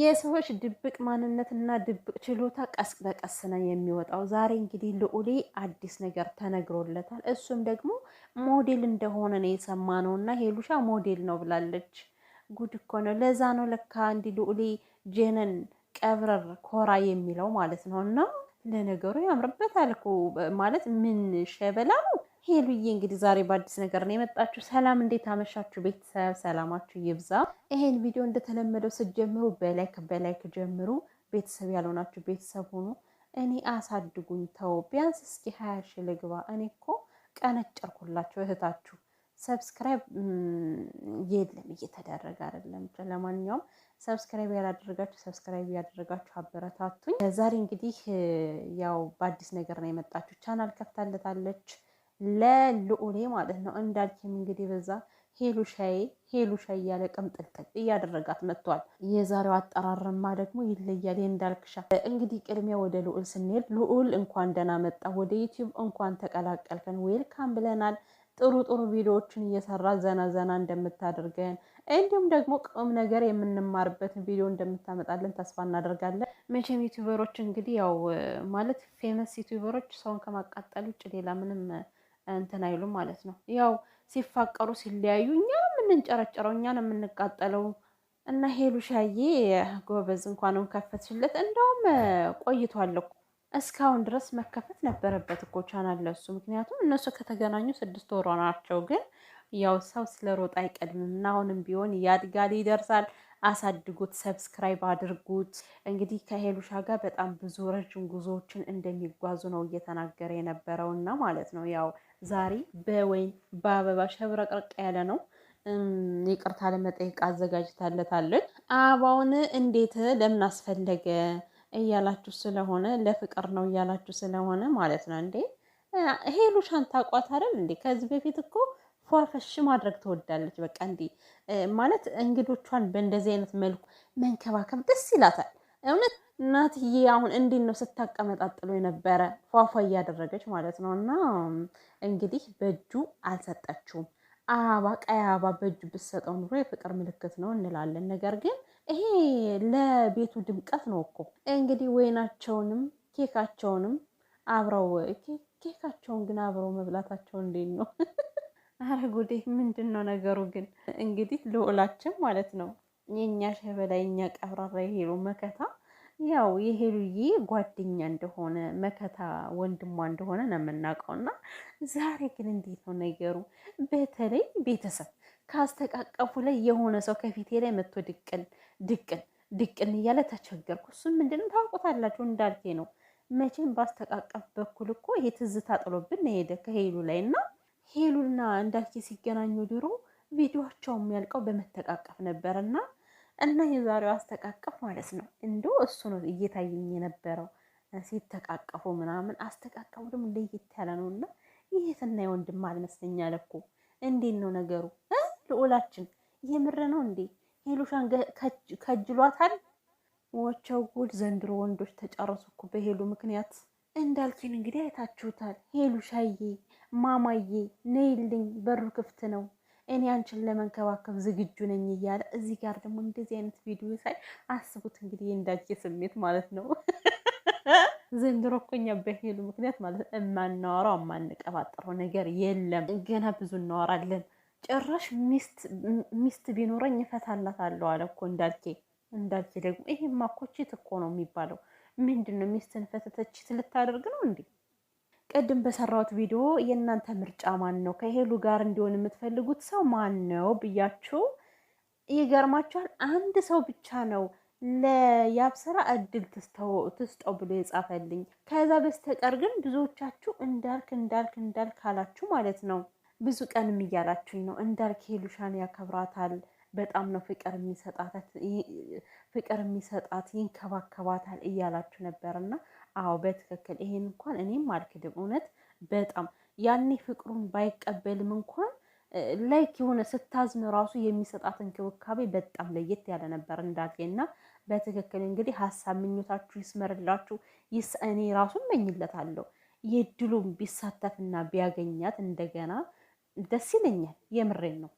የሰዎች ድብቅ ማንነትና ድብቅ ችሎታ ቀስ በቀስ ነው የሚወጣው። ዛሬ እንግዲህ ልዑሌ አዲስ ነገር ተነግሮለታል። እሱም ደግሞ ሞዴል እንደሆነ ነው የሰማ ነው እና ሄሉሻ ሞዴል ነው ብላለች። ጉድ እኮ ነው። ለዛ ነው ለካ እንዲህ ልዑሌ ጄነን ቀብረር ኮራ የሚለው ማለት ነው። እና ለነገሩ ያምርበታል እኮ ማለት ምን ሸበላ ነው ሄሉዬ እንግዲህ ዛሬ በአዲስ ነገር ነው የመጣችሁ። ሰላም እንዴት አመሻችሁ ቤተሰብ፣ ሰላማችሁ ይብዛ። ይሄን ቪዲዮ እንደተለመደው ስትጀምሩ በላይክ በላይክ ጀምሩ። ቤተሰብ ያልሆናችሁ ቤተሰብ ሆኑ። እኔ አሳድጉኝ፣ ተው ቢያንስ እስኪ ሀያ ሺ ልግባ። እኔ እኮ ቀነጨርኩላችሁ እህታችሁ። ሰብስክራይብ የለም እየተደረገ አይደለም። ለማንኛውም ሰብስክራይብ ያላደረጋችሁ ሰብስክራይብ ያደረጋችሁ አበረታቱኝ። ዛሬ እንግዲህ ያው በአዲስ ነገር ነው የመጣችሁ። ቻናል ከፍታለታለች ለልዑሌ ማለት ነው። እንዳልችም እንግዲህ በዛ ሄሉ ሻዬ ሄሉ ሻይ እያለ ቅምጥልጥል እያደረጋት መጥቷል። የዛሬው አጠራርማ ደግሞ ይለያል። እንዳልክሻ እንግዲህ ቅድሚያ ወደ ልዑል ስንሄድ ልዑል እንኳን ደህና መጣ፣ ወደ ዩቲዩብ እንኳን ተቀላቀልከን፣ ዌልካም ብለናል። ጥሩ ጥሩ ቪዲዮዎችን እየሰራ ዘና ዘና እንደምታደርገን እንዲሁም ደግሞ ቁም ነገር የምንማርበትን ቪዲዮ እንደምታመጣለን ተስፋ እናደርጋለን። መቼም ዩቲዩበሮች እንግዲህ ያው ማለት ፌመስ ዩቲዩበሮች ሰውን ከማቃጠል ውጭ ሌላ ምንም እንትን አይሉም ማለት ነው። ያው ሲፋቀሩ ሲለያዩ እኛ የምንንጨረጨረው ነው የምንቃጠለው እና ሄሉ ሻዬ ጎበዝ እንኳንም ከፈትሽለት። እንደውም ቆይቷል እኮ እስካሁን ድረስ መከፈት ነበረበት እኮ ቻናል ለሱ። ምክንያቱም እነሱ ከተገናኙ ስድስት ወሯ ናቸው። ግን ያው ሰው ስለ ሮጥ አይቀድምም እና አሁንም ቢሆን ያድጋል፣ ይደርሳል አሳድጉት፣ ሰብስክራይብ አድርጉት። እንግዲህ ከሄሉሻ ጋር በጣም ብዙ ረጅም ጉዞዎችን እንደሚጓዙ ነው እየተናገረ የነበረውና ማለት ነው ያው ዛሬ በወይን በአበባ ሸብረቅርቅ ያለ ነው። ይቅርታ ለመጠየቅ አዘጋጅታለታለች። አበባውን እንዴት ለምን አስፈለገ እያላችሁ ስለሆነ ለፍቅር ነው እያላችሁ ስለሆነ ማለት ነው እንዴ ሄሉሻን ታቋት አይደል እንዴ? ከዚህ በፊት እኮ ፏፈሽ ማድረግ ትወዳለች። በቃ እንዲ ማለት እንግዶቿን በእንደዚህ አይነት መልኩ መንከባከብ ደስ ይላታል። እውነት እናትዬ አሁን እንዲን ነው ስታቀመጣጥሎ የነበረ ፏፏ እያደረገች ማለት ነው። እና እንግዲህ በእጁ አልሰጠችውም። አበባ ቀይ አበባ በእጁ ብትሰጠው ኑሮ የፍቅር ምልክት ነው እንላለን። ነገር ግን ይሄ ለቤቱ ድምቀት ነው እኮ እንግዲህ ወይናቸውንም ኬካቸውንም አብረው ኬካቸውን ግን አብረው መብላታቸው እንዴት ነው? አረ ጉዴ! ምንድን ነው ነገሩ? ግን እንግዲህ ልዑላችን ማለት ነው የእኛ ሸበላ የእኛ ቀብራራ የሄሉ መከታ ያው የሄሉዬ ጓደኛ እንደሆነ መከታ ወንድሟ እንደሆነ ነው የምናውቀው። እና ዛሬ ግን እንዴት ነው ነገሩ? በተለይ ቤተሰብ ካስተቃቀፉ ላይ የሆነ ሰው ከፊቴ ላይ መጥቶ ድቅን ድቅን ድቅን እያለ ተቸገርኩ። እሱም ምንድነው ታውቁታላችሁ፣ እንዳልቴ ነው መቼም ባስተቃቀፍ በኩል እኮ ይሄ ትዝታ ጥሎብን ሄደ ከሄሉ ላይ እና ሄሉና እንዳልኬ ሲገናኙ ድሮ ቪዲዮቸው የሚያልቀው በመተቃቀፍ ነበር እና እና የዛሬው አስተቃቀፍ ማለት ነው እንዶ እሱ ነው እየታየኝ የነበረው ሲተቃቀፉ ምናምን አስተቃቀፉ ደግሞ ለየት ያለ ነው እና ይህትና የወንድም አልመስለኛ ለኩ እንዴት ነው ነገሩ ልዑላችን የምር ነው እንዴ ሄሉሻን ከጅሏታል ወቸው ጉድ ዘንድሮ ወንዶች ተጨረሱ በሄሉ ምክንያት እንዳልኬን እንግዲህ አይታችሁታል ሄሉሻዬ ማማዬ ነይልኝ፣ በሩ ክፍት ነው፣ እኔ አንቺን ለመንከባከብ ዝግጁ ነኝ እያለ እዚህ ጋር ደግሞ እንደዚህ አይነት ቪዲዮ ሳይ አስቡት እንግዲህ የእንዳልኬ ስሜት ማለት ነው። ዘንድሮ እኮ እኛ በሄሉ ምክንያት ማለት እማናወራው የማንቀባጠረው ነገር የለም። ገና ብዙ እናወራለን። ጭራሽ ሚስት ቢኖረኝ እፈታላታለሁ አለ እኮ እንዳልኬ። እንዳልኬ ደግሞ ይሄማ እኮ ቺት እኮ ነው የሚባለው። ምንድን ነው ሚስትን ፈተተች ልታደርግ ነው እንዴ? ቅድም በሰራሁት ቪዲዮ የእናንተ ምርጫ ማን ነው፣ ከሄሉ ጋር እንዲሆን የምትፈልጉት ሰው ማን ነው ብያችሁ፣ ይገርማችኋል፣ አንድ ሰው ብቻ ነው ለያብሰራ እድል ትስጠው ብሎ የጻፈልኝ። ከዛ በስተቀር ግን ብዙዎቻችሁ እንዳልክ እንዳልክ እንዳልክ አላችሁ ማለት ነው። ብዙ ቀንም እያላችሁኝ ነው። እንዳልክ ሄሉሻን ያከብራታል፣ በጣም ነው ፍቅር የሚሰጣት፣ ይንከባከባታል እያላችሁ ነበር እና አዎ በትክክል ይሄን እንኳን እኔም አልክድም። እውነት በጣም ያኔ ፍቅሩን ባይቀበልም እንኳን ላይክ የሆነ ስታዝን ራሱ የሚሰጣት እንክብካቤ በጣም ለየት ያለ ነበር እንዳልጌና በትክክል እንግዲህ ሀሳብ ምኞታችሁ ይስመርላችሁ። ይስ እኔ ራሱ እመኝለታለሁ የድሉም ቢሳተፍና ቢያገኛት እንደገና ደስ ይለኛል። የምሬን ነው።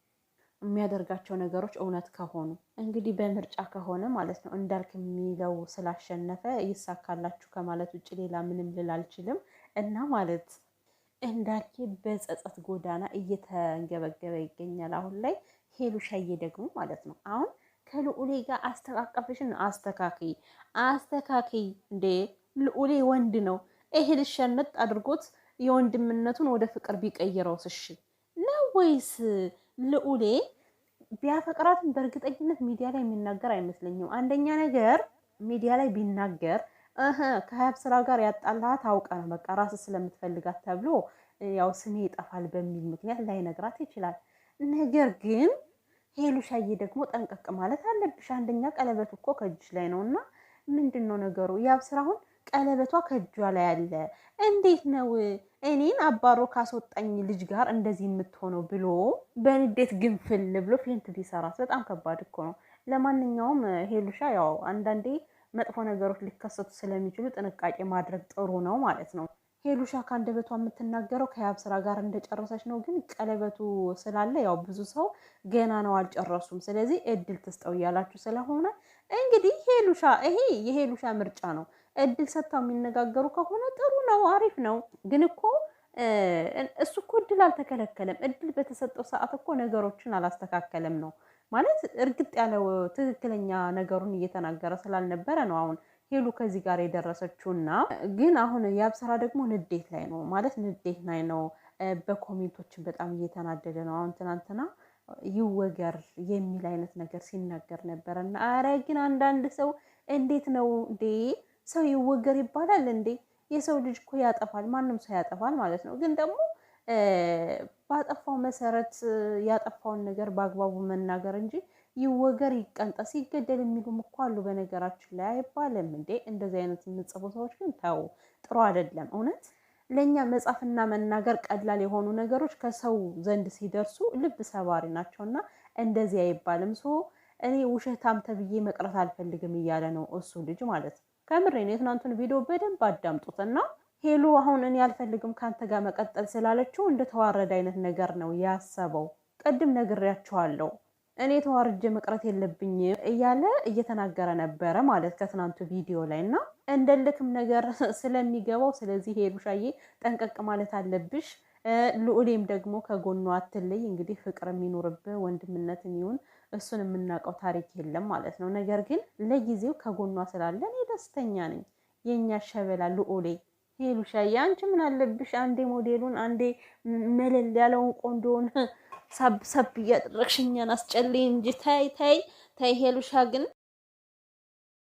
የሚያደርጋቸው ነገሮች እውነት ከሆኑ እንግዲህ በምርጫ ከሆነ ማለት ነው እንዳልክ የሚለው ስላሸነፈ ይሳካላችሁ ከማለት ውጭ ሌላ ምንም ልል አልችልም። እና ማለት እንዳልክ በጸጸት ጎዳና እየተንገበገበ ይገኛል አሁን ላይ። ሻዬ ደግሞ ማለት ነው አሁን ከልዑሌ ጋር አስተቃቀፍሽን አስተካኪ አስተካኪ። እንዴ ልዑሌ ወንድ ነው። ይሄ ልሸነጥ አድርጎት የወንድምነቱን ወደ ፍቅር ቢቀይረው ስሽ ነው ወይስ ልዑሌ ቢያፈቅራትም በእርግጠኝነት ሚዲያ ላይ የሚናገር አይመስለኝም። አንደኛ ነገር ሚዲያ ላይ ቢናገር ከሀያብ ስራ ጋር ያጣላት አውቀ ነው በቃ ራስ ስለምትፈልጋት ተብሎ ያው ስሜ ይጠፋል በሚል ምክንያት ነግራት ይችላል። ነገር ግን ሄሉሻዬ ደግሞ ጠንቀቅ ማለት አለብሽ። አንደኛ ቀለበት እኮ ከእጅሽ ላይ ነው እና ምንድን ነው ነገሩ ያብ ቀለበቷ ከእጇ ላይ አለ። እንዴት ነው እኔን አባሮ ካስወጣኝ ልጅ ጋር እንደዚህ የምትሆነው ብሎ በንዴት ግንፍል ብሎ ፊንት ቢሰራት በጣም ከባድ እኮ ነው። ለማንኛውም ሄሉሻ ያው አንዳንዴ መጥፎ ነገሮች ሊከሰቱ ስለሚችሉ ጥንቃቄ ማድረግ ጥሩ ነው ማለት ነው። ሄሉሻ ከአንደበቷ የምትናገረው ከያብ ስራ ጋር እንደጨረሰች ነው። ግን ቀለበቱ ስላለ ያው ብዙ ሰው ገና ነው አልጨረሱም። ስለዚህ እድል ትስጠው እያላችሁ ስለሆነ እንግዲህ ሄሉሻ ይሄ የሄሉሻ ምርጫ ነው። እድል ሰጥተው የሚነጋገሩ ከሆነ ጥሩ ነው፣ አሪፍ ነው። ግን እኮ እሱ እኮ እድል አልተከለከለም። እድል በተሰጠው ሰዓት እኮ ነገሮችን አላስተካከለም ነው ማለት። እርግጥ ያለው ትክክለኛ ነገሩን እየተናገረ ስላልነበረ ነው አሁን ሄሉ ከዚህ ጋር የደረሰችውና ግን አሁን የአብሰራ ደግሞ ንዴት ላይ ነው ማለት ንዴት ላይ ነው። በኮሜንቶችን በጣም እየተናደደ ነው። አሁን ትናንትና ይወገር የሚል አይነት ነገር ሲናገር ነበረ እና አረ ግን አንዳንድ ሰው እንዴት ነው እንዴ ሰው ይወገር ይባላል እንዴ? የሰው ልጅ እኮ ያጠፋል፣ ማንም ሰው ያጠፋል ማለት ነው። ግን ደግሞ ባጠፋው መሰረት ያጠፋውን ነገር በአግባቡ መናገር እንጂ ይወገር ይቀንጠስ ይገደል የሚሉም እኮ አሉ። በነገራችን ላይ አይባልም እንዴ? እንደዚህ አይነት የምጽፉ ሰዎች ግን ተው፣ ጥሩ አይደለም እውነት። ለእኛ መጻፍና መናገር ቀላል የሆኑ ነገሮች ከሰው ዘንድ ሲደርሱ ልብ ሰባሪ ናቸው እና እንደዚህ አይባልም። ሶ እኔ ውሸታም ተብዬ መቅረት አልፈልግም እያለ ነው እሱ ልጅ ማለት ነው። ከምሬ ነው። የትናንቱን ቪዲዮ በደንብ አዳምጡትና ሄሉ አሁን እኔ አልፈልግም ከአንተ ጋር መቀጠል ስላለችው እንደተዋረደ አይነት ነገር ነው ያሰበው። ቅድም ነግሬያችኋለሁ እኔ ተዋርጄ መቅረት የለብኝም እያለ እየተናገረ ነበረ ማለት ከትናንቱ ቪዲዮ ላይ እና እንደልክም ነገር ስለሚገባው፣ ስለዚህ ሄሉሻዬ ጠንቀቅ ማለት አለብሽ። ልዑሌም ደግሞ ከጎኗ አትለይ። እንግዲህ ፍቅር የሚኖርብህ ወንድምነት ይሁን እሱን የምናውቀው ታሪክ የለም ማለት ነው። ነገር ግን ለጊዜው ከጎኗ ስላለ እኔ ደስተኛ ነኝ። የእኛ ሸበላ ልኦሌ ሄሉሻዬ፣ አንቺ ምን አለብሽ? አንዴ ሞዴሉን፣ አንዴ መለል ያለውን ቆንጆውን ሰብሰብ ሳብ አስጨልይ እንጂ ታይ ታይ ታይ። ሄሉሻ ግን